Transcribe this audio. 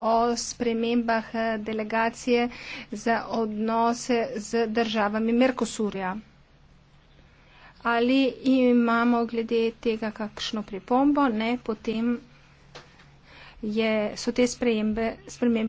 o spremembah eh, delegacije za odnose z državami Merkosurja. Ali imamo glede tega kakšno pripombo? Ne, potem je, so te spremembe. spremembe